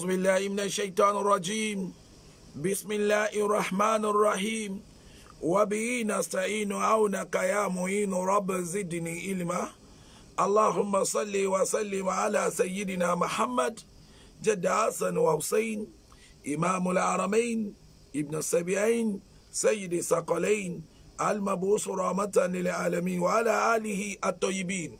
أعوذ بالله من الشيطان الرجيم بسم الله الرحمن الرحيم وبه نستعين عونك يا معين رب زدني علما اللهم صل وسلم على سيدنا محمد جد حسن وحسين إمام الحرمين ابن السبعين سيد الثقلين المبعوث رحمة للعالمين وعلى آله الطيبين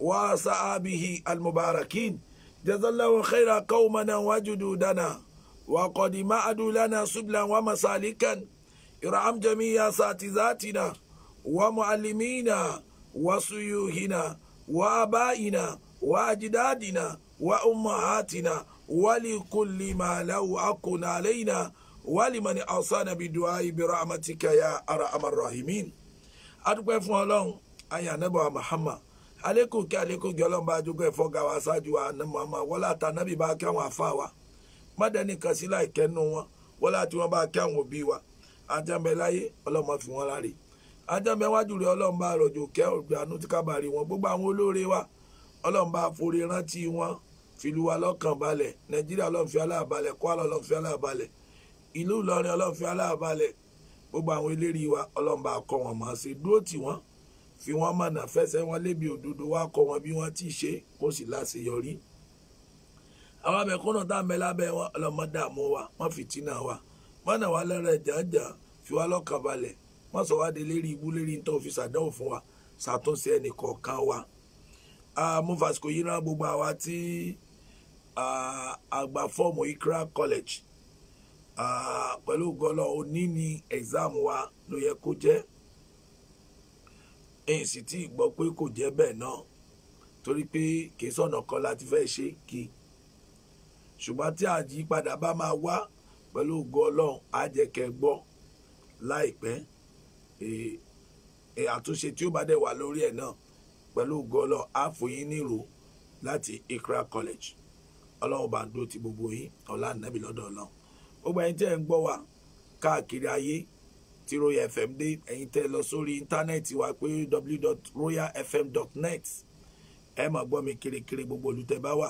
وصحابه المباركين jazallahu khaira qaumana wajududana wa qad ma'adu lana sublan wa masalikan irham jami'a satizatina wa muallimina wa suyuhina wa abaina wa ajdadina wa ummahatina wa likulli ma lahu haqqun alaina wa liman awsana bidu'ai birahmatika ya arhamar rahimin adúpẹ́ fún Ọlọ́run ayanaba Muhammad alekun kí alekun gẹ ọlọ́mọba àjogún ẹ̀fọ́ ga wa ṣáájú wa ní mọ̀ọ́mọ́ wọ́n láta nábì bá kí àwọn àfa wa mọ́dẹ́ni kan sí láìkẹ́ nu wọn wọ́n láti wọn bá kí àwọn òbí wa ajẹ́mbẹ́ láyé ọlọ́mọ fi wọn láre ajẹ́mbẹ́ wájú rẹ ọlọ́mọba àròjò kẹ́ ọ̀gbìnàánú tí kábàárì wọn gbogbo àwọn olóore wa ọlọ́mọba àforí rántí wọn fìlú wa lọ́kàn balẹ̀ nàìjíríà ọlọ́run fi wọ́n mọ̀nà fẹsẹ̀ wọn lébi òdodo wá kọ́ wọn bí wọ́n ti ṣe kó sì láṣeyọrí àwọn abẹ́kúnnà tá à ń bẹ wọn ọlọ́mọ dààmú wa wọ́n fìtínà wa mọ́nà wa lẹ́rẹ̀ jàǹjàǹ fi wá lọ́kàn balẹ̀ wọ́n sọ wá de lérí ibú lérí ní fi ṣàdánwò fún wa ṣàtúnṣe ẹnìkọ̀ọ̀kan wa mo fàsìkò yìí rán gbogbo àwa tí àgbà fọ́ọ̀mù Ikra College pẹ̀lú gọ́lọ́ òní ni exam wa ló yẹ kó jẹ́ èyí sì tí gbọ́ pé kò jẹ́ bẹ́ẹ̀ náà torí pé kìí sọ̀nà kan láti fẹ́ ṣe kí ṣùgbọ́n tí àyípadà bá máa wá pẹ̀lú ògo ọlọ́run á jẹ́ kẹ́ ẹ gbọ́ láìpẹ́ àtúnṣe tí ó bá dẹ̀ wà lórí ẹ̀ náà pẹ̀lú ògo ọlọ́run á fún yín nírò láti Ikra College ọlọ́run bá ń ti gbogbo yín ọ̀la nàbì lọ́dọ̀ ọlọ́run gbogbo ẹni tí ẹ̀ ń gbọ́ wa káàkiri ayé tí royal fm dé ẹ̀yin tẹ́ lọ sórí íńtánẹ́ẹ̀tì wa pé www.royalfm.net ẹ máa gbọ́ mi kirikiri gbogbo olùtẹ́ bá wà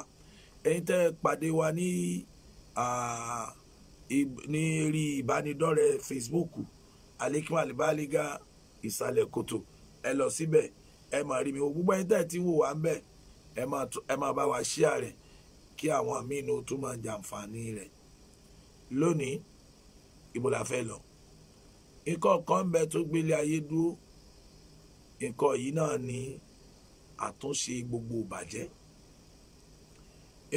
ẹ̀yin tẹ́ pàdé wa ní ní eré ìbánidọ́rẹ̀ẹ́ facebook Al-Hikmat Al-Baliga ìsàlẹ̀ kòtò ẹ lọ síbẹ̀ ẹ máa rí mi gbogbo ẹ̀yin tẹ́ ti wò wá ń bẹ̀ ẹ máa bá wa ṣíà rẹ̀ kí àwọn àmínú tún máa jàǹfààní rẹ̀ lónìí ibo la lọ. ikọ̀ kan bẹ tó gbélé ayé dúró ikọ̀ yìí náà ni àtúnṣe gbogbo bàjẹ́.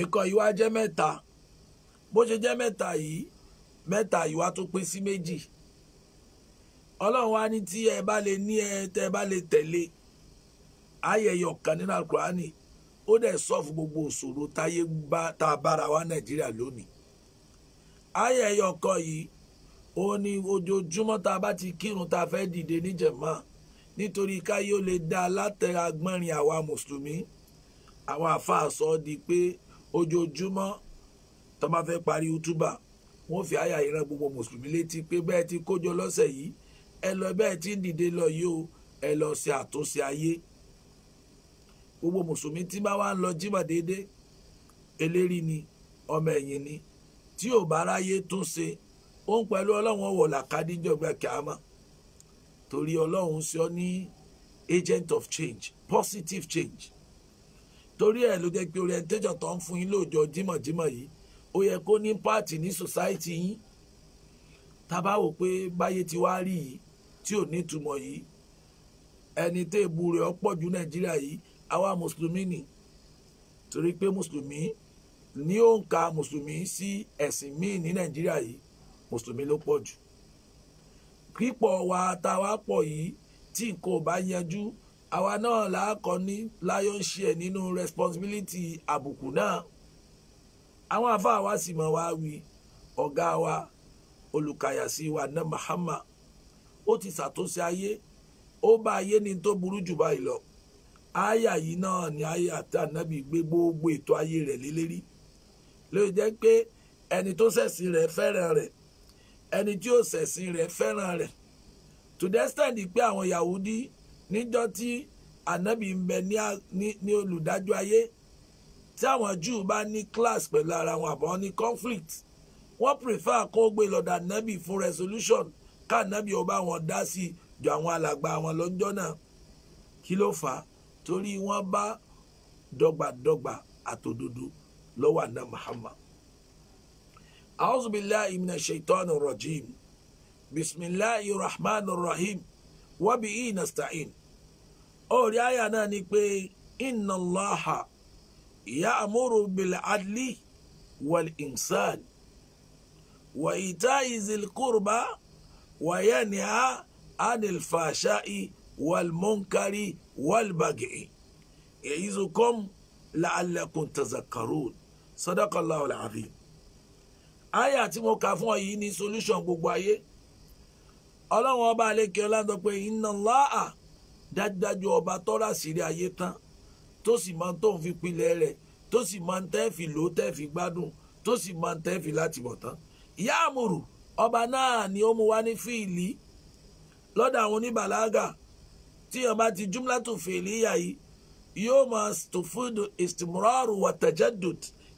ikọ̀ yìí wá jẹ́ mẹ́ta bó ṣe jẹ́ mẹ́ta yìí mẹ́ta yìí wá tó pín sí méjì ọlọ́run wá ní tí ẹ bá lè ní ẹ tẹ bá lè tẹ̀lé ayẹyẹ kan nínú alukurani ó dẹ̀ sọ́ọ̀fù gbogbo òṣòro táyé bá tá bára wa nàìjíríà lónìí ayẹyẹ ọkọ yìí ó ní ojoojúmọ́ tá a bá ti kírun tá a fẹ́ dìde níjẹ̀mọ́ nítorí káyé ó lè dá alátẹ̀ra gbọ́nrin àwa mùsùlùmí àwọn àfáà sọ ọ́ di pé ojoojúmọ́ tó bá fẹ́ parí útúbà wọ́n fi àyà ìran gbogbo mùsùlùmí létí pé bẹ́ẹ̀ ti kójọ lọ́sẹ̀ yìí ẹ lọ bẹ́ẹ̀ ti ń dìde lọ yìí o ẹ lọ ṣe àtúnṣe ayé gbogbo mùsùlùmí tí bá wà ń lọ jímọ̀ déédéé eléri ni ọmọ ẹ̀yìn ni tí ò bá ráyé tún ṣe ó ń pẹ̀lú ọlọ́run wọ̀ làkàdé ìjọba kìámà torí ọlọ́run sọ ní agent of change positive change torí ẹ̀ ló jẹ́ pé orientation tó ń fún yín lóòjọ́ jímọ̀jímọ̀ yìí ó yẹ kó ní pààtì ní society yín tábà wò pé báyé ti wá rí yìí tí ò nítumọ̀ yìí ẹni tó èbu rẹ̀ ọ̀pọ̀ jù nàìjíríà yìí àwa mùsùlùmí ni torí pé mùsùlùmí ní òǹkà mùsùlùmí sí ẹ̀sìn míì ní nàìjíríà yìí mùsùlùmí ló pọ̀ jù pípọ̀ wa ta wá pọ̀ yìí tí nǹkan ò bá yanjú àwa náà làákọ ní lion share nínú responsibility àbùkù náà àwọn àfáà wa sì mọ̀ wá wí ọ̀gá wa olùkàyàsí wa ná Muhammad ó ti ṣàtúnṣe ayé ó bá ayé ní tó burú jù báyìí lọ àyà yìí náà ni àyà tí ànábì gbé gbogbo ètò ayé rẹ̀ lélẹ́rí ló jẹ́ pé ẹni tó ṣẹ̀sìn rẹ̀ fẹ́ràn rẹ̀ ẹni tí ó ṣẹ̀sìn rẹ̀ fẹ́ràn rẹ̀ to the extent pé àwọn Yahudi níjọ́ tí ànábì ń bẹ ní olùdájọ́ ayé tí àwọn Júù bá ní class pẹ̀lú ara wọn àbọ̀ ní conflict wọ́n prefer kó gbé lọ́dọ̀ ànábì fún resolution ká ànábì ó bá wọn dá sí ju àwọn alàgbà wọn lọ́jọ́ náà kí ló fà á torí wọ́n bá dọ́gbadọ́gba àtòdodo lọ́wọ́ àná Muhammad أعوذ بالله من الشيطان الرجيم بسم الله الرحمن الرحيم وبه نستعين orí àyà náà ni pé inna Allaha ya'muru bil adli wal insan wa ita'i zil qurba wa yanha anil fashai wal munkari wal bagi ya'izukum la'allakum tazakkarun sadaqallahu al-azim Aya tí mo kà fún ọ yìí ni solution gbogbo ayé ọlọ́run ọba àlekè ọlọ́dọ̀ pé iná láà dájúdájú ọba tọ́ra sírí ayé tán tó sì máa ń tó ń fi pilẹ̀ rẹ̀ tó sì máa ń tẹ́ fi lò gbádùn tó sì máa ń tẹ́ láti bọ̀ tán ìyá àmùrù ọba náà ni ó mu wá ní fíìlì lọ́dọ̀ àwọn oníbàlágà tí yàn bá ti júmọ́lá tó fèlè yà yìí yóò máa tó fún ìsìmúrọ́rù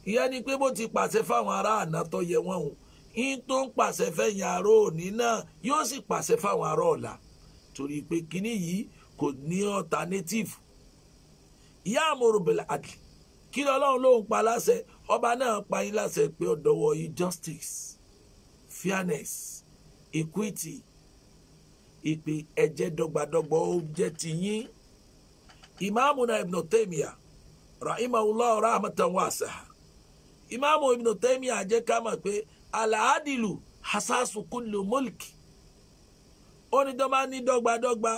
ihe ni pé bó ti pàṣẹ fáwọn ará àná yẹ wọn o yín tó ń pàṣẹ fẹ́yìn ará òní náà yóò sì pàṣẹ fáwọn ará ọ̀la torí pé kínní yìí kò ní native ìyá kí ọlọ́run pa láṣẹ ọba náà pa yín láṣẹ pé yìí justice fairness equity ìpè ó ti yín ìmáàmù ìmáàmù Ibn Taymiyyah àjẹ́ ká mọ̀ pé alaadilu hasasu kullu mulki ó ní tó bá ní dọ́gbadọ́gba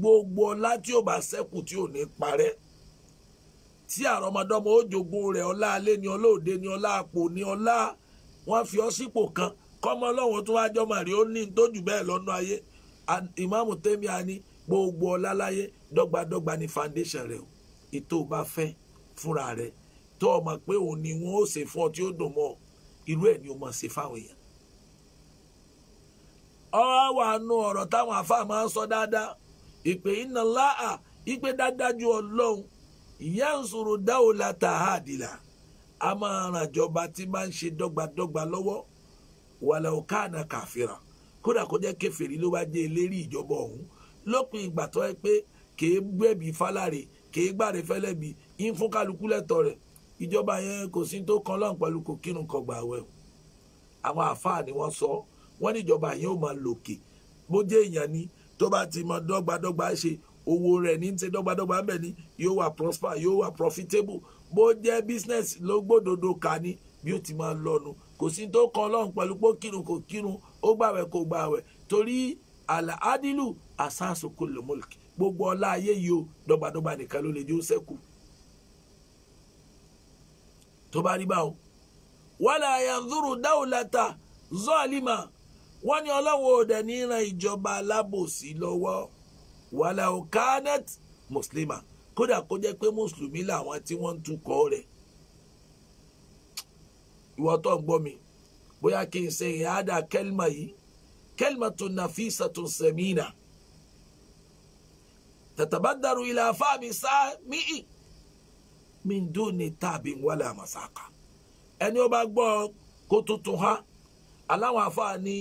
gbogbo ọlá tí ò bá ṣẹ́kù tí ò ní parẹ́ tí àrọmọdọ́mọ ó jogún rẹ̀ ọlá alé ni ọlá òde ni ọlá àpò ni ọlá wọn fi ọ kan kọ́mọ ọlọ́run tó wájọ́ màrí ó ní tójú bẹ́ẹ̀ lọ́nà ayé ìmáàmù Taymiyyah ni gbogbo ọlá láyé dọ́gbadọ́gba ni foundation rẹ̀ o ètò bá fẹ́ fúnra rẹ̀ tó ọmọ mọ̀ pé òun ni wọn ó ṣe fún ọ tí ó dùn mọ́ irú ni o mọ ṣe fáwọn èèyàn. ọha wà nù ọ̀rọ̀ táwọn àfáà máa ń sọ dáadáa ìpè iná láà ìpè dájú ọlọ́run ìyá ń sòrò dáwò a máa ràn jọba tí máa ń ṣe dọ́gbadọ́gba lọ́wọ́ wàlẹ̀ òkàna kàfìrà kódà kó jẹ́ kèfèrí ló bá jẹ́ eléré ìjọba ọ̀hún lópin ìgbà tó pé gbẹ̀bí ń fún kálukú rẹ̀ ìjọba yẹn kò sí tó kan lọ́n pẹ̀lú kò kírun kọgbà wẹ̀ àwọn àfáà ni wọ́n sọ wọ́n ní ìjọba yẹn ò máa lòkè bó jẹ́ èèyàn ni tó bá ti mọ dọ́gbadọ́gba ṣe owó rẹ̀ ní ti dọ́gbadọ́gba ń bẹ ni yóò wà prosper yóò wà profitable bó jẹ́ business ló gbódodo ka ni bí ó ti máa lọ́nu kò sí tó kan lọ́n pẹ̀lú pé kírun kò kírun ó gbàwẹ̀ kò gbàwẹ̀ torí àlà ádìlù àsáàsù gbogbo ọlá ayé yìí ó dọ́gbadọ́gba nìkan ló lè jẹ́ ó sẹ́kù tó bá rí báwo wala yanzuru dáwòláta zọ́ọ̀lìmà wọ́n ní ọlọ́wọ́ òdẹ níran ìjọba alábòsí lọ́wọ́ wàlà okanet mùsùlùmá kódà kó jẹ́ pé mùsùlùmí làwọn tí wọ́n ń tukọ̀ rẹ̀ ìwọ tó ń gbọ́ mi bóyá kí n ṣe ìhádà kẹlma yìí kẹlma tó nàfíìsà tó sẹ̀mínà tàtàbàdàrú ìlà fáàmì sáà míì. min duni tabin wala amasaka ẹni o bá gbọ́ kó tuntun ha aláwọn afáàní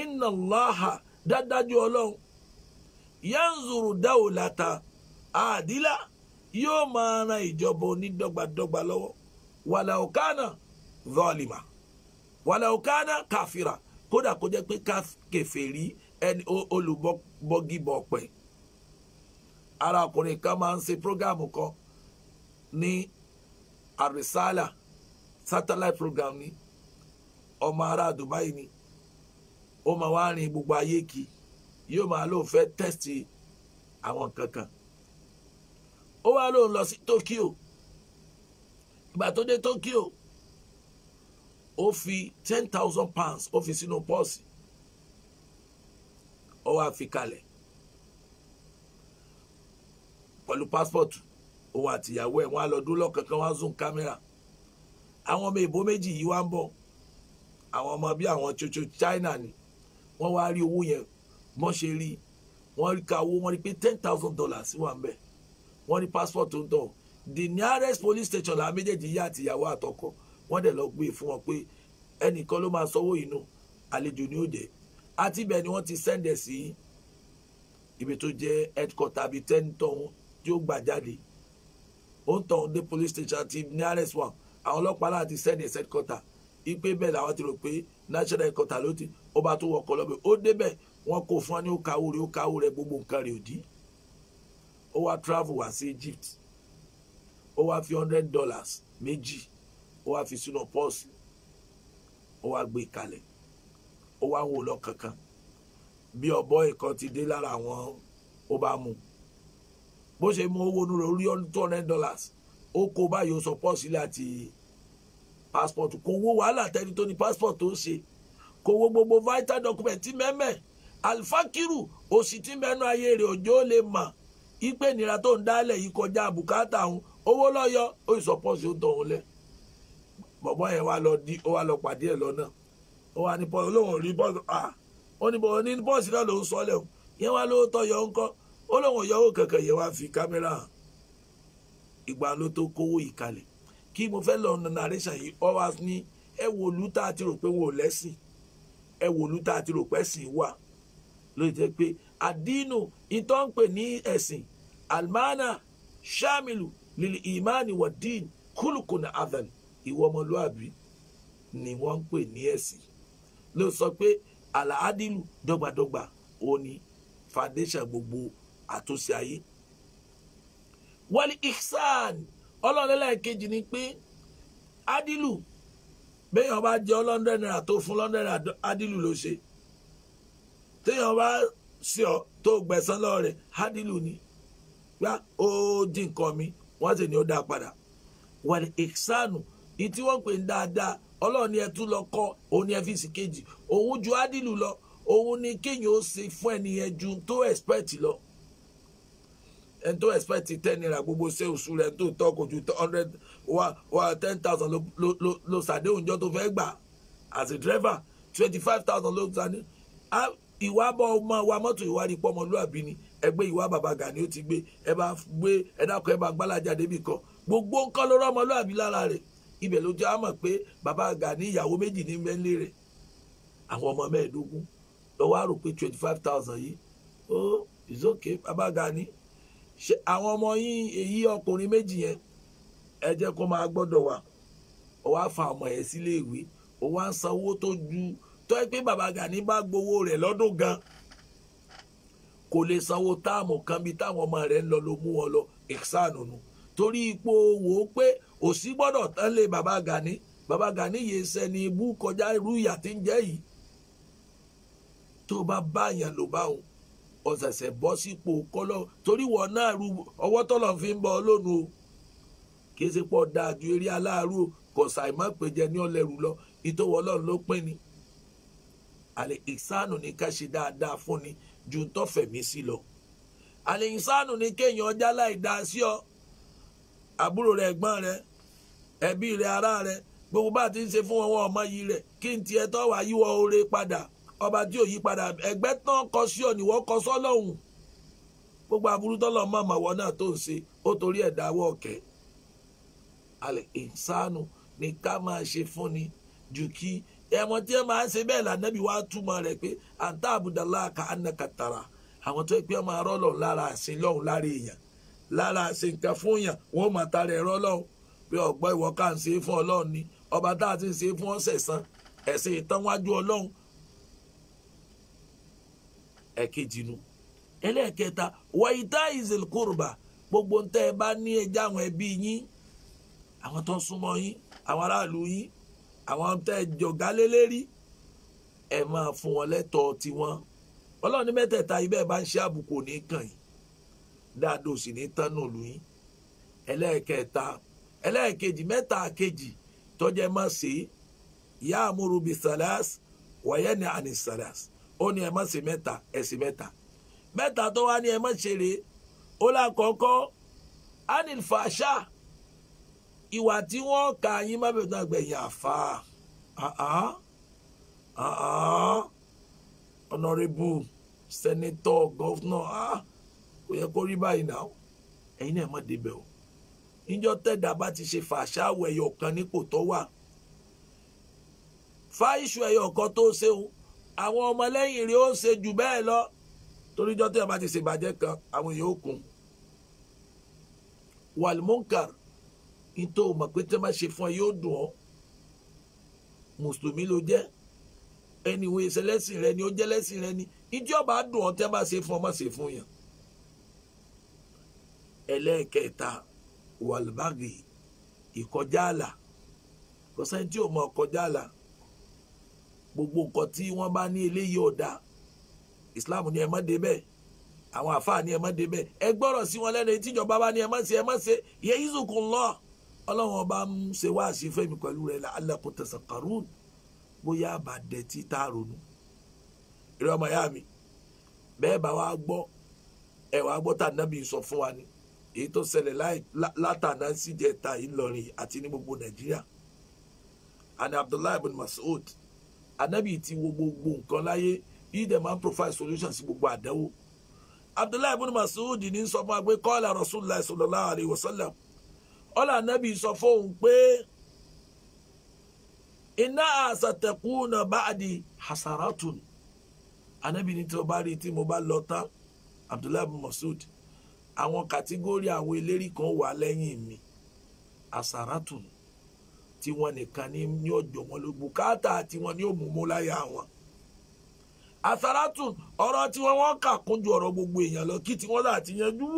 inna Allaha dádájú ọlọ́run yanzuru dawlata àdílà yóò máa ran ìjọba onídọ́gbadọ́gba lọ́wọ́ walau kana zalima walau kana kàfìrà kódà kó jẹ́ pé kèfèrí ẹni olùbọ́gibọ̀ pẹ̀ ara ọkùnrin kan máa ń se prógáàmù kan ní àrísálà satellite program ni ọmọ ará Dubai ní ó máa wá rìn gbogbo ayé kí yóò máa lóun fẹ́ test àwọn kankan ó wá lóun lọ sí Tokyo ìgbà tó dé Tokyo ó fi ten thousand pounds ó fi sínú pọ́ọ̀sì ó wá fi kalẹ̀ pẹ̀lú passport òun àtìyàwó ẹ̀ wọ́n á lọ dún lọ́kankan wọ́n á zoom kámẹ́rà àwọn ọmọ ìbò méjì yìí wá ń bọ̀ àwọn ọmọ bíi àwọn chocho China ni wọ́n wá rí owó yẹn mọ́ ṣe rí wọ́n ka owó wọ́n rí pé ten thousand dollars wà ń bẹ̀ wọ́n rí passport tó ń tọ̀ the nearest police station la méjèèjì yá àtìyàwó àtọkọ wọ́n dẹ̀ lọ gbé e fún wọn pé ẹnìkan ló máa sanwó inú àlejò ni ó jẹ́ àti ibẹ̀ ni wọ́n ti sẹ́ndẹ̀ sí ibi tó jẹ́ headquarter àbí tẹ́ńtọ̀ tí ó gbà jáde ó tàn dé police station ti nearest one àwọn ọlọ́pàá náà ti send a set quarter ipe bẹ́ẹ̀ làwọn ti rò pé national quarter ló ti ó bá tó wọkọ̀ lọ́bẹ̀ ó débẹ̀ wọ́n kó fún ọ ní ó kawó rẹ̀ ó kawó rẹ̀ gbogbo nǹkan rẹ̀ òdì ó wá travel wá sí Egypt ó wá fi hundred dollars méjì ó wá fi sínú pọ́ọ̀sì ó wá gbé kalẹ̀ ó wá ń wò lọ kankan bí ọ̀bọ ìkan ti dé lára àwọn ó bá mú un bó ṣe mú owó inú rẹ̀ ó two hundred dollars ó kó báyìí ó sọ pọ̀ sílẹ̀ passport kò wó wàhálà tẹni tó ní passport tó ń ṣe kò wó gbogbo vital document tí mẹ́mẹ́ alifakiru òsì tí mẹ́nu ayé rẹ̀ òjò lè mà ipe ìnira tó ń dálẹ̀ yìí kọjá àbùkátà òun owó lọ́yọ́ ó sọ pọ̀ sí ó tọ̀ òun lẹ̀ bọ̀bọ̀ yẹn wá lọ di ó wá lọ pàdé ẹ̀ lọ́nà ó wá ní pọ́ọ̀sì olóhùn rí pọ́ọ̀sì ah! ó ní bọ̀ọ̀ ní pọ́ọ̀sì náà lòún sọ lẹ̀ yẹn wá lóòótọ́ yọ ńkọ́ ó lóun ọ̀yọ́wó kankan yẹn wá fi kámẹ́rà hàn ìgbà ló tó kówó ìkalẹ̀ kí mo fẹ́ lọ narration yìí ọ wá ní ẹ wo olú tá a ti rò pé wọn ò ẹ wo olú tá a ti rò pé ẹ̀sìn wà ló jẹ́ pé àdínù ìtọ́ ní ẹ̀sìn almana shamilu lil imani wa din kulukuna adhan ìwọ ọmọlúàbí ni wọ́n ń pè ní ẹ̀sìn ló sọ pé àlàádìlù dọ́gbadọ́gba òní foundation gbogbo àtúnṣe ayé wali ihsan ọlọ́ọ̀lẹ́lẹ̀ kejì ni pé adilu béèyàn bá jẹ́ ọlọ́ndẹ̀ náírà tó fún lọ́ndẹ̀ náírà adilu ló ṣe téèyàn bá sí ọ tó gbẹ̀sán lọ́wọ́ rẹ̀ adilu ni gbá ó di nǹkan mi wọ́n sì ní ó dá padà wali ihsan ní tí wọ́n pè ń dáadáa ọlọ́run ni ẹ tún lọ kọ́ òun ni ẹ fi sì kejì òun ju adilu lọ òun ni kéèyàn ó ṣe fún ẹnìyẹn ju tó expect lọ ẹni tó expect ten naira gbogbo sales rẹ̀ tó tọ́ kò ju hundred wa ten thousand ló ṣàdéhùn jọ tó fẹ́ gbà as a driver twenty five thousand ló ṣàdé ìwà bọ ọmọ wa mọ́tò ìwà rí pọ́ ọmọlúwàbí ni ẹgbẹ́ ìwà bàbá Gani ó ti gbé ẹ bá gbé ẹ dákọ̀ ẹ bá gbálájà débì kan gbogbo nǹkan ló rọ́ ọmọlúwàbí lára rẹ̀ ibẹ̀ ló jẹ́ àmọ̀ pé bàbá Gani ìyàwó méjì ní mẹ́lẹ́ rẹ̀ àwọn ọmọ mẹ́ẹ̀ẹ́dógún lọ́wọ́ àrò pé twenty five thousand yìí ó oh, it's okay bàbá Gani ṣe àwọn ọmọ yín èyí ọkùnrin méjì yẹn ẹ jẹ́ kó máa gbọ́dọ̀ wà ó wá fa ọmọ yẹn sílé ìwé ó wá ń sanwó tó ju tó ẹ pé bàbá Gani bá gbowó rẹ̀ lọ́dún gan kò lè sanwó táàmù kan bí táwọn ọmọ rẹ̀ ń lọ ló mú wọn lọ ìsànù nù torí ipò wò ó pé òsì gbọ́dọ̀ tán lé bàbá Gani bàbá Gani yìí sẹ́ni ibú kọjá irú ìyà tí ń jẹ́ yìí tó bá báyàn ló bá òun ọ̀sẹ̀sẹ̀ bọ́ sípò kọ́lọ́ torí wọ́n náà ru ọwọ́ tọ́lọ̀ fi ń bọ́ lónìí o kì í ṣe pọ̀ dáa ju eré aláàárọ̀ kọ̀sà ní ọlẹ́rù lọ ìtòwọ́ ọlọ́run ló pín ni àlè ìsánù ní ká ṣe dáadáa fún ni ju ń sí lọ àlè ìsánù ní kéèyàn ọjà láì dáa sí ọ àbúrò rẹ ẹ̀gbọ́n rẹ ẹbí rẹ ará rẹ gbogbo bá ti ń ṣe fún wọn wọn ọmọ yìí rẹ kí n tiẹ̀ wá oore padà ọba tí ò yí padà ẹgbẹ́ tán kọ sí ọ níwọ kọ sọ́lọ́hún gbogbo aburú tọ́lọ̀ mọ̀ màwọ́ náà tó ń ṣe ó torí ẹ̀ dáwọ́ ọ̀kẹ́ alẹ́ ìsánú ni ká máa ṣe fúnni jù kí ẹ̀wọ̀n tí ẹ máa ń ṣe bẹ́ẹ̀ lànàbí wàá túmọ̀ rẹ̀ pé àǹtá àbùdàlá ka anakatara àwọn tó pé ọmọ arọ́lọ̀ lára àsìn lọ́hùn lára èèyàn lára àsìn nǹkan fún èèyàn wọ́n mọ̀ tara ẹ̀rọ lọ́hùn pé ọ̀gbọ́n ìwọ ń ṣe fún ọlọ́run ni ọba tá ti ń ṣe fún ọ̀sẹ̀ san ẹ̀sìn ìtàn ọlọ́run ẹ̀kejì nu ẹlẹ́ẹ̀kẹta wàyíta ìzèlkùrùbà gbogbo ń tẹ́ ẹ bá ní ẹja àwọn ẹbí yín àwọn tó ń súnmọ́ yín àwọn aráàlú yín àwọn tẹ́ ẹ jọ̀gá lélẹ́rí ẹ máa fún wọn lẹ́tọ̀ọ́ tiwọn ọlọ́ọ̀ni mẹ́tẹ̀ẹ̀ta ibẹ̀ bá ń ṣe àbùkù ní kàn yín dáadọ́ òsì ní tánù lù yín ẹlẹ́ẹ̀kẹta ẹlẹ́ẹ̀kejì mẹ́ta kejì tọ́jẹ́ má ṣe yá àmúrubì sàlás wàyẹ́ni àní sàlás ó ní ẹ má ṣe mẹ́ta ẹ ṣe mẹ́ta mẹ́ta tó wá ní ẹ má ṣe rè ó lákọ̀ọ́kọ́ anil fasha ìwà tí wọ́n kà yín má bẹ̀rẹ̀ náà gbẹ̀yìn àfa ọ̀nàrẹ́bù sẹ́nitọ́ gọ́fúnà kò yẹ kó rí báyìí náà ẹ̀yin náà má débẹ̀ o níjọ́ tẹ̀dá bá ti ṣe fàṣà ẹ̀yọ̀ kan nípò tó wà fáìṣù ẹ̀yọ̀ kan tó ṣe o àwọn ọmọlẹ́yìn rẹ̀ ó ṣe jù bẹ́ẹ̀ lọ toríjọ́ tí a bá ti ṣèbàjẹ́ kan àwọn èèyàn ó kún walmunkar ìtò mọ̀ pé tẹ́ má ṣe fún ẹ yóò dùn ọ́ mùsùlùmí ló jẹ́ ẹni ìwé ìṣẹlẹ́sìn rẹ ni ó jẹ́ lẹ́sìn rẹ ni ìjọba dùn ọ́ tẹ́ má ṣe fún ọ má ṣe fún yàn ẹlẹ́ẹ̀kẹta walbagi ìkọjá àlà kò sẹ́ni ò mọ ọkọjá gbogbo nǹkan tí wọ́n bá ní eléyìí ọ̀dà islam ni ẹ má débẹ̀ àwọn àfáà ní ẹ má débẹ̀ ẹ gbọ́rọ̀ sí wọn lẹ́nu tíjọba bá ní ẹ má ṣe ẹ má ṣe yẹ yíṣùkùn lọ ọlọ́run ọba ń ṣe wá sí fẹ́mi pẹ̀lú rẹ̀ la'allakum tazakkarun bóyá àbàdẹ tí tá a ronú ìrẹ́ ọmọ ìyá mi bẹ́ẹ̀ bá wa gbọ́ ẹ wàá gbọ́ tà nábì sọ fún wa ni èyí tó ṣẹlẹ̀ látàná síjẹta Ìlọrin àti ní gbogbo Nàìjíríà àni Abdullahi bin Mas'ud anabi ti wo gbogbo nǹkan láyé he dey man provide solution sí gbogbo àdánwò abdullahi ibn masud ní sọ fún wa pé kọ́ọ̀lá rasulillah sallallahu alayhi wa sallam ọ̀là anabi sọ fóun pé iná àsàtẹ̀kùnà báàdì hasaratun anabi ní tí mo bá rí tí mo bá lọ tán abdullahi ibn masud àwọn kàtígórì àwọn eléri kan wà lẹ́yìn mi hasaratun tiwọn nìkan ní òjò wọn ló bùkátà tiwọn ní òmùmú láyà wọn àsàràtù ọ̀rọ̀ tiwọn wọn kà kúnjú ọ̀rọ̀ gbogbo èèyàn lọ kí tiwọn láti yanjú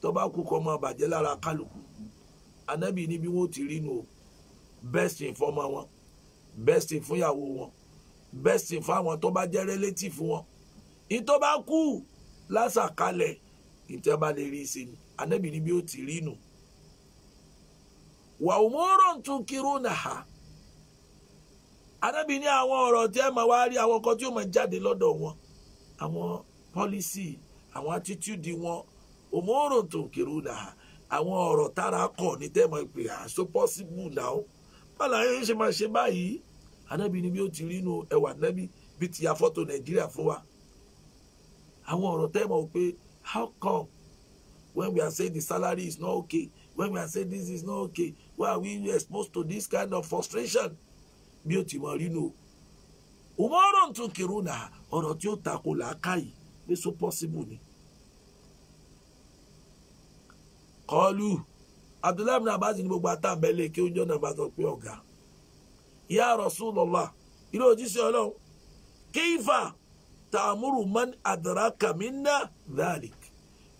tó bá kú kọ́ lára kálukú anábì níbi wọn ti rí nu o best thing fọ́mọ wọn best thing fúnyàwó wọn best thing fáwọn tó bá jẹ́ relative wọn ìtọ́ bá kú lásàkalẹ̀ ìtẹ́ bá lè rí i sí ni anábì níbi ó ti rí nu. No wà òmòrò tún kiri nàá arábì ní àwọn ọ̀rọ̀ tí ẹ máa wá rí àwọn kan tí ó máa jáde lọ́dọ̀ wọn policy. pọ́lísì àwọn attitude wọn òmòrò tún kiri nàá àwọn ọ̀rọ̀ tára kọ̀ ní tẹ́ máa pè á ah, so possible now bọ́lá yẹn ṣe máa ṣe báyìí anábì ni bí ó ti rí inú ẹwà nẹ́bí bí ti ya fọ́tò nàìjíríà fún wa àwọn ọ̀rọ̀ tẹ́ mọ̀ pé how come when we are saying the salary is not okay when we are saying this is not okay why are we exposed to this kind of frustration bí o ti mọ rí nu o òmòrò tún kírun náà ọ̀rọ̀ tí ó takò làákàyè pé so possible ni. kọlu abdullahi ibn abbas ni gbogbo àtàbẹ̀lẹ̀ ke oúnjẹ náà bá pé ọ̀gá ya rasulullah ilé òjíṣẹ́ ọlọ́run kéfà tààmúrù man adraka minna dhalik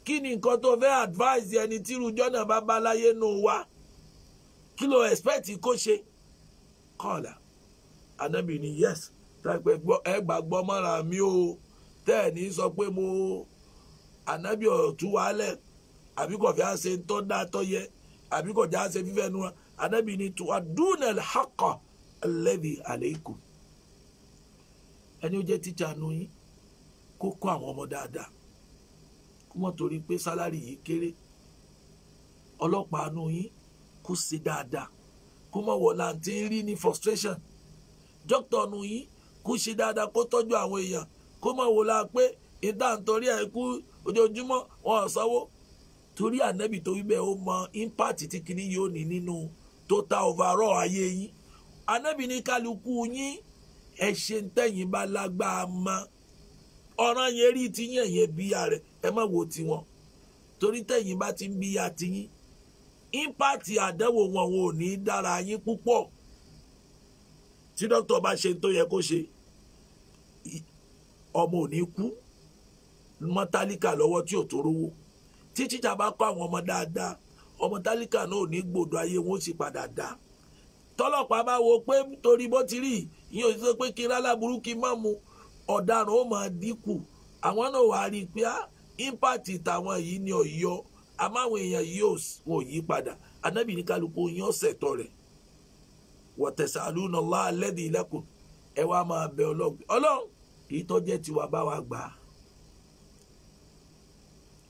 kí ni nǹkan tó fẹ́ advice ẹni tí irú jọ́nà bá bá láyé nù wá kí ló expect kó ṣe kọ́ọ̀là anábì ni yes tàpẹ́ ẹ gbàgbọ́ mọ́ra mi o tẹ́ ẹ̀ ní sọ pé mo anábì ọ̀tún wálẹ̀ àbí kò fi àṣẹ tó dá tó yẹ àbí kò já àṣẹ fífẹ́ nu wa ni tuwa dúnel hakọ alladhi alaykum ẹni ó jẹ́ tíjà nu yín kó kọ́ àwọn ọmọ dáadáa kó mọ̀ torí pé sálárì yìí kéré ọlọ́pàá nu yín kụsịdada ṣe dáadáa kó mọ̀ wọ̀ làǹtí ń rí ní frustration dókítà nù yín kó ṣe dáadáa kó tọ́jú àwọn èèyàn kó mọ̀ wọ̀ la pé ìta nítorí ẹ̀ wọn ò sanwó torí ànábì tó wí bẹ́ẹ̀ ó mọ impact tí kinní yóò ní nínú total overall ayé yín ní kálukú yín ẹ ṣe ń tẹ̀yìn bá ọ̀ràn yẹn ti bíyà rẹ̀ ẹ ti ń ímpáàtì àdánwò wọn ò ní dára yín púpọ̀ tí dókítà bá ṣe tó yẹ kó ṣe ọmọ ò ní kú mọ́ tálíkà lọ́wọ́ tí ò tó rówó tí tíjà bá kọ́ àwọn ọmọ dáadáa ọmọ tálíkà náà ò ní gbòdo ayé wọn ó sì padà dá tọ́lọ́pàá bá wo pé torí bó ti rí ìyẹn ò sọ pé kí rálá burúkú má mu ọ̀daràn ó máa dínkù àwọn náà wàá rí i pé ímpáàtì ah, tàwọn yìí ni ọ̀yọ́ àmáwọn èèyàn yóò wọn yi yí padà anábì ní kálukú yín ọ̀sẹ̀ tọ̀ rẹ̀ wọ̀tẹ̀sàlùnà ẹ wá máa bẹ ọlọ́run ọlọ́run èyí tó tiwa bá wa gbà á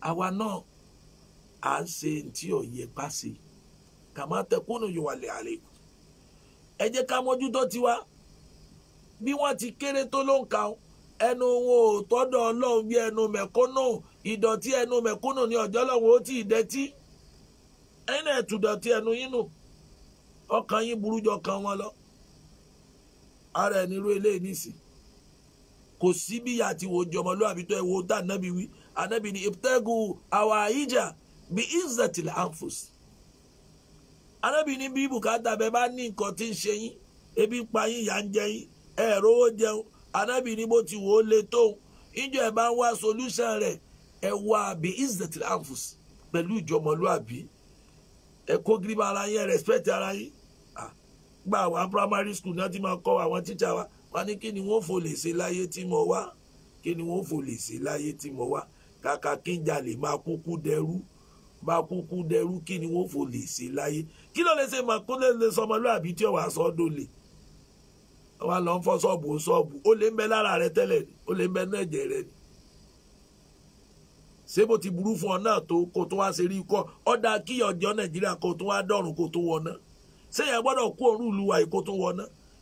àwa náà à ń ṣe tí ò yẹ wà tiwa bí wọ́n ti kéré tó ló ń kà ẹnu wọn ò tọ́dọ̀ ọlọ́run bí ẹnu ìdọ̀tí ẹnu mẹ̀kúnnù ní ọjọ́ lọ́wọ́ ó ti dẹ́tí dọ̀tí ẹnu yín nù ọkàn jọ kan wọn lọ ara eniru nírú eléyìí nìsí kò sí bí ẹ wo dá ànábì wí ànábì ní ìpẹ́gù àwa àyíjà bí ìzẹ̀tì láǹfòs ànábì bá ní nǹkan tí ń ṣe yín ebi ń pa yín ìyà ń jẹ yín jẹun bó ti wò ẹ wá àbí isdetl anfus pẹ̀lú ìjọmọlúàbí ẹ kó gírímà ara yín ẹ respect ara yín gba àwọn primary school náà ti máa kọ́ àwọn tíṣà wa wọ́n ní kí ni wọ́n fò lè ṣe láyé tí mo wá kí ni wọ́n fò lè ṣe láyé tí mo wá kàkà kí n jalè máa kúkú dẹrú máa kúkú dẹrú kí ni wọ́n fò lè ṣe láyé kí ló lè ṣe máa kó lè lè sọmọlúàbí tí ọwà sọ dọlè wọn lọ fọ ṣọ́ọ̀bù ṣọ́ọ̀bù ó lè ń bẹ lára rẹ tẹ́lẹ̀ ó lè ń bẹ náà jẹ rẹ ni ṣé bó ti buru fún ọ to tó kó tó wá ṣe rí kọ́ ọ̀dà kí ọjọ́ nàìjíríà kó tó wá dọ̀rùn kó tó wọná ṣé yẹn gbọ́dọ̀ kó òórùn ìlú wa kó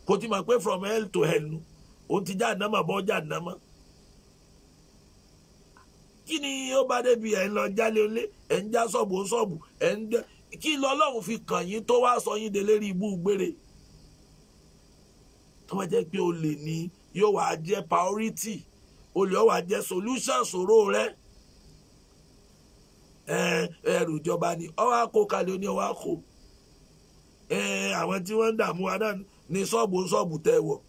tó ti máa pé from hell to hell nu òun ti já ànámà bọ́ já ànámà. kí ni ó bá débi ẹ̀ ń lọ jálé olé ẹ̀ ń já sọ́ọ̀bù ó sọ́ọ̀bù ẹ̀ ń jẹ́ kí lọ́lọ́run fi kàn yín tó wá sọ yín délé rí ibú gbére tó bá jẹ́ pé olè ni yóò wá jẹ́ priority olè ó wá jẹ́ solution sòro rẹ̀ ẹrù ìjọba ni ọwakọ àkó kalẹ̀ ní ọwọ́ àkó àwọn tí wọ́n ń dààmú wa náà ní ṣọ́ọ̀bù ṣọ́ọ̀bù tẹ̀ wọ̀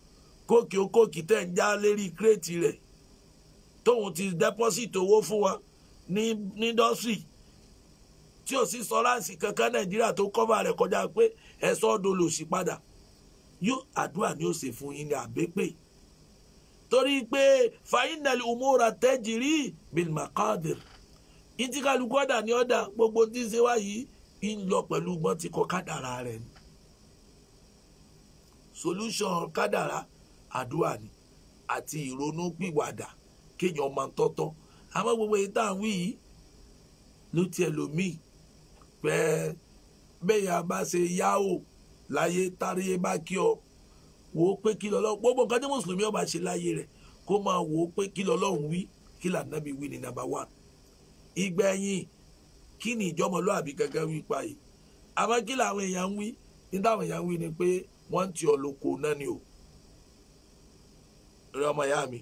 kóòkì ó tẹ̀ ń já lérí kírètì rẹ̀ tóun ti dẹ́pọ́sìtì fún wa ní tí ò sí kankan nàìjíríà tó kọva rẹ̀ kọjá pé ẹ̀sọ́ ọdún padà yóò àdúrà ni ó ṣe fún yín ní àbẹ́pẹ́ torí pé ìtí kálukú ọ̀dà ní ọ̀dà gbogbo tí ń ṣe wá yìí ń lọ pẹ̀lú gbọ́n ti kọ kádàrá rẹ̀ ni solution kádàrá àdúrà ni àti ìrònú pìwàdà kéèyàn ọmọ tọ́tọ́ àmọ́ gbogbo èyí tá à ń wí yìí ló tiẹ̀ lòmíì pẹ́ bẹ́yà bá ṣe yáwò láyé táríyé bá kí ọ wò ó pé kí lọ́lọ́ gbogbo nǹkan tí mùsùlùmí ọba ṣe láyé rẹ̀ kó máa wò ó pé kí lọ́lọ́run wí kí lànàbí wí ní nàbà one. ìgbẹ̀yìn kí ni ìjọmọlúàbí kankan wí pa yìí àmọ́ kí làwọn èèyàn ń wí nwi táwọn èèyàn ń wí ni pé wọ́n ti ọ̀lọ́kọ náà ni o rẹ ọmọ ìyá mi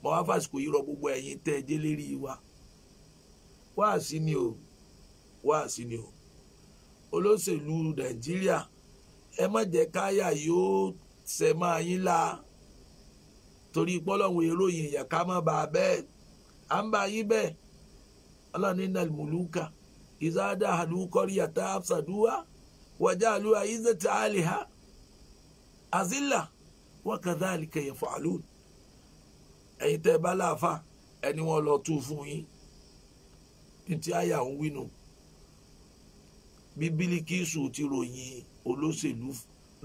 mo wá fàsìkò yìí rọ gbogbo ẹ̀yin tẹ́ ẹ dé lérí wa si ni o si ni o olóṣèlú nàìjíríà ẹ má jẹ́ káyà yóò ṣe máa yín la torí pọ́lọ́hún èrò yìnyín ká má ba bẹ́ẹ̀ à ń ba yín bẹ́ẹ̀ ọlọ́run nínú mùlúkà ìzáàdá àlùkọ́rí àtà àfṣàdúwà wàjá àlùwà ìzẹ̀tì àlìhà àzílà wọ́n kàdá àlìkẹyẹ fàálù ẹ̀yin tẹ́ bá láàfà ẹni wọ́n lọ tú fún yín ntí àyà ń wínú bíbélì kìsù ti ròyìn olóṣèlú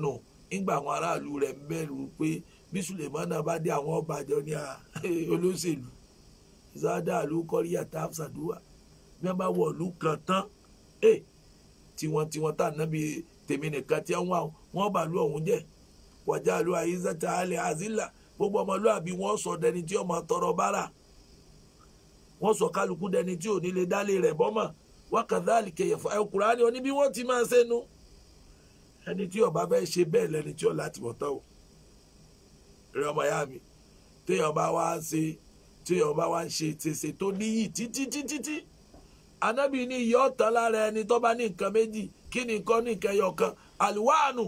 náà nígbà àwọn aráàlú rẹ̀ ń bẹ̀rù pé bí Sulemana bá dé àwọn ọba jọ ní olóṣèlú zada alukọrí àtàfsàdúrà bí wọ́n bá wọ ìlú kan tán tiwọn tiwọn tá nàbí tèmi nìkan tí wọ́n wà wọ́n bá lu ọ̀hún jẹ́ wàjà lu àyíṣẹ́ta alẹ́ àzílà gbogbo ọmọlúàbí wọ́n sọ dẹni tí ọmọ tọrọ bára wọ́n sọ kálukú dẹni tí ò ní lè dálé rẹ̀ bọ́mọ̀ wákàtí àlìkẹyẹ fún ẹkùnrin àni oní ti máa ṣẹ́nu ẹni tí ọba fẹ́ ṣe bẹ́ẹ̀ lẹni tí ọ̀la ti mọ̀ o rẹ ọmọ ya mi téèyàn bá wá ṣe tí ọba wa ń ṣe tèsè tó níyì títí títí tí anábì ní ìyá ọ̀tán lára ẹni tó bá ní nǹkan méjì kí ni nǹkan ní nǹkan ẹyọ kan àlùwáànù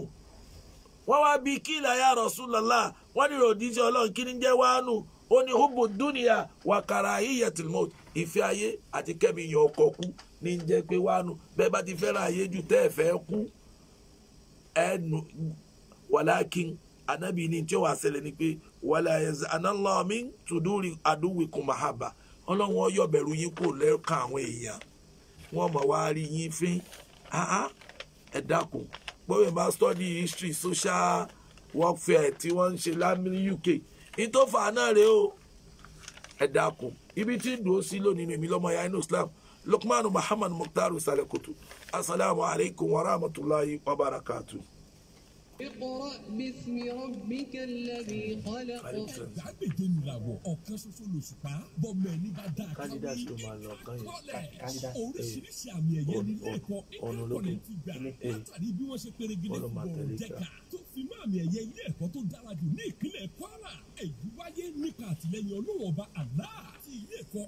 wọ́n wá bí kí ìlàyà Rasulullah wọ́n ní ròdí sí ọlọ́run kí ni jẹ́ wáànù ó ní hubbu dúnìyà wàkàrà ayéyẹtìl mọ́t ìfẹ́ ayé àti kẹ́mi yan ọkọ̀ kú ní jẹ́ pé wáànù bẹ́ẹ̀ bá ti fẹ́ràn ayé ju tẹ́ ẹ̀ fẹ́ kú ẹnu wàlákin anábì ní tí ó wàá ṣẹlẹ̀ ni pé wàlẹ̀ àyẹ̀sẹ̀ análáàmì tùdúrì àdúwìkùn mahaba ọlọ́run ọyọ́ bẹ̀rù yín kò lẹ́ẹ̀kan àwọn èèyàn wọ́n mọ̀ wá rí yín fín ẹ dákun gbọ́dọ̀ bá study history social warfare tí wọ́n ń ṣe lámìlí UK ìtòfà náà rèé o ẹ dákun ibi tí ń dùn ó sí lónìí èmi lọ́mọ ya inú Islam Lukman Muhammad Mukhtar Salekoto asalaamualeykum wa rahmatulahi wa barakatuh. اقرأ باسم ربك الذي خلق. lágbègbè nìlàwọ̀ ọ̀kan ṣoṣo lòṣùpá bọ́mọ ẹni bá dáa káwé kọ́lẹ̀ oríṣiríṣi eh, àmì ẹ̀yẹ nílé ẹ̀kọ́ ẹ̀kọ́ ní ti gbà eh, látàrí bí wọ́n ṣe perégedé bọ̀rọ̀ jẹ́ka tó fi mọ́ àmì ẹ̀yẹ ilé ẹ̀kọ́ tó dára jù ní ìpínlẹ̀ Kwara èyí wáyé nípa àtìlẹ́yìn olówó ọba àlá àti ilé ẹ̀kọ́